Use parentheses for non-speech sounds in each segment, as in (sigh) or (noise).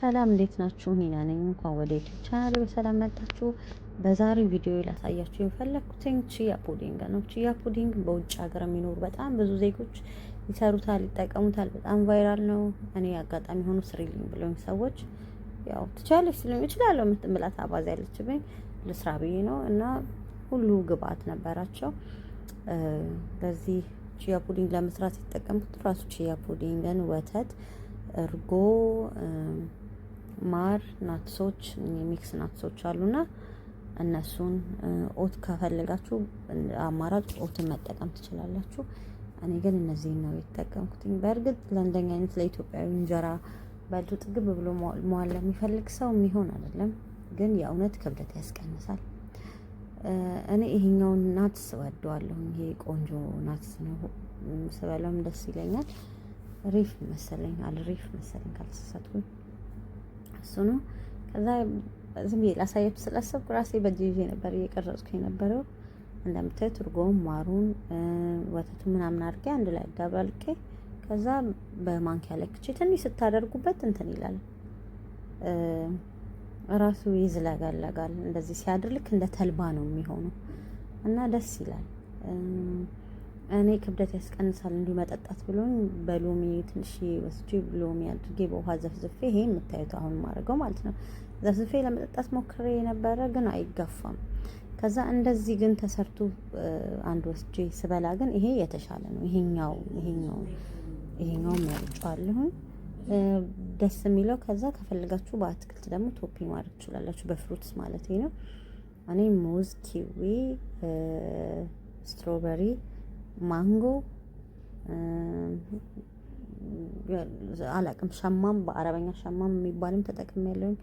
ሰላም እንዴት ናችሁ? ኒና ነኝ። እንኳን ወደ ዩቲዩብ ቻናል በሰላም መጣችሁ። በዛሬ ቪዲዮ ላሳያችሁ የፈለግኩትኝ ቺያ ፑዲንግ ነው። ቺያ ፑዲንግ በውጭ ሀገር የሚኖሩ በጣም ብዙ ዜጎች ይሰሩታል፣ ይጠቀሙታል። በጣም ቫይራል ነው። እኔ አጋጣሚ ሆኖ ስሪልኝ ብሎኝ ሰዎች ያው ትቻለች ስልም እችላለሁ የምትምላት አባዝ ያለችብኝ ልስራ ብዬ ነው እና ሁሉ ግብአት ነበራቸው በዚህ ቺያ ፑዲንግ ለመስራት የተጠቀምኩት ራሱ ቺያ ፑዲንግን፣ ወተት፣ እርጎ ማር፣ ናትሶች ሚክስ ናትሶች አሉና እነሱን ኦት ከፈለጋችሁ አማራጭ ኦትን መጠቀም ትችላላችሁ። እኔ ግን እነዚህን ነው የተጠቀምኩትኝ። በእርግጥ ለአንደኛ አይነት ለኢትዮጵያዊ እንጀራ በልቶ ጥግብ ብሎ መዋል ለሚፈልግ ሰው የሚሆን አይደለም፣ ግን የእውነት ክብደት ያስቀንሳል። እኔ ይሄኛውን ናትስ ወደዋለሁ። ይሄ ቆንጆ ናትስ ነው፣ ስበላም ደስ ይለኛል። ሪፍ መሰለኝ አለ ሪፍ መሰለኝ ካልተሳሳትኩኝ እሱ ነው። ከዛ ዝም ብዬ ላሳያችሁ ስላሰብኩ ራሴ በእጅ ይዤ ነበር እየቀረጽኩ የነበረው። እንደምታይ ትርጎም ማሩን ወተቱ ምናምን አድርጌ አንድ ላይ አዳባልቄ ከዛ በማንኪያ ለክቼ ትንሽ ስታደርጉበት እንትን ይላል ራሱ ይዝለጋለጋል። እንደዚህ ሲያድር ልክ እንደ ተልባ ነው የሚሆነው እና ደስ ይላል። እኔ ክብደት ያስቀንሳል እንዲሁ መጠጣት ብሎኝ በሎሚ ትንሽ ወስጄ ሎሚ አድርጌ በውሃ ዘፍዝፌ ይሄ የምታዩት አሁን ማድረገው ማለት ነው። ዘፍዝፌ ለመጠጣት ሞክሬ የነበረ ግን አይጋፋም። ከዛ እንደዚህ ግን ተሰርቶ አንድ ወስጄ ስበላ ግን ይሄ የተሻለ ነው። ይሄኛው ይሄኛው ይሄኛው መርጫለሁኝ ደስ የሚለው ከዛ ከፈልጋችሁ በአትክልት ደግሞ ቶፒ ማድረግ ትችላላችሁ። በፍሩትስ ማለት ነው። እኔ ሙዝ፣ ኪዊ፣ ስትሮበሪ ማንጎ አላቅም ሸማም በአረበኛ ሸማም የሚባልም ተጠቅም ያለሁኝ።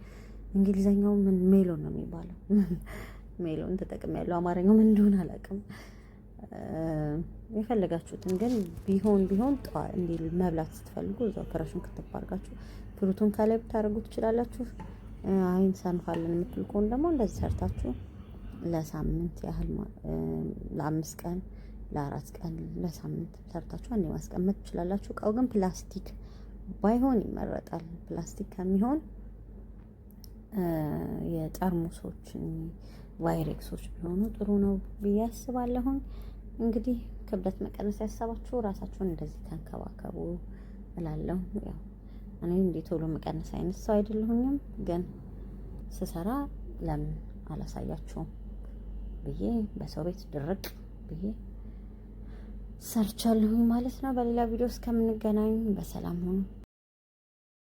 እንግሊዘኛው ምን ሜሎን ነው የሚባለው፣ (laughs) ሜሎን ተጠቅም ያለው አማርኛው ምን እንደሆነ አላቅም። የፈለጋችሁትን ግን ቢሆን ቢሆን ጠዋ እንዲል መብላት ስትፈልጉ እዛው ፍረሹን ክትፍ ፍሩቱን ከላይ ብታደርጉ ትችላላችሁ። አይን ሰንፋለን የምትል ከሆነ ደግሞ እንደዚህ ሰርታችሁ ለሳምንት ያህል ለአምስት ቀን ለአራት ቀን ለሳምንት ሰርታችሁ አንዴ ማስቀመጥ ትችላላችሁ። እቃው ግን ፕላስቲክ ባይሆን ይመረጣል። ፕላስቲክ ከሚሆን የጠርሙሶች ቫይሬክሶች ቢሆኑ ጥሩ ነው ብዬ አስባለሁኝ። እንግዲህ ክብደት መቀነስ ያሰባችሁ ራሳችሁን እንደዚህ ተንከባከቡ እላለሁ። ያው እኔ እንዲህ ቶሎ መቀነስ አይነት ሰው አይደለሁኝም፣ ግን ስሰራ ለምን አላሳያችሁም ብዬ በሰው ቤት ድርቅ ብዬ ሰርቻለሁኝ ማለት ነው። በሌላ ቪዲዮ እስከምንገናኝ በሰላም ሁኑ።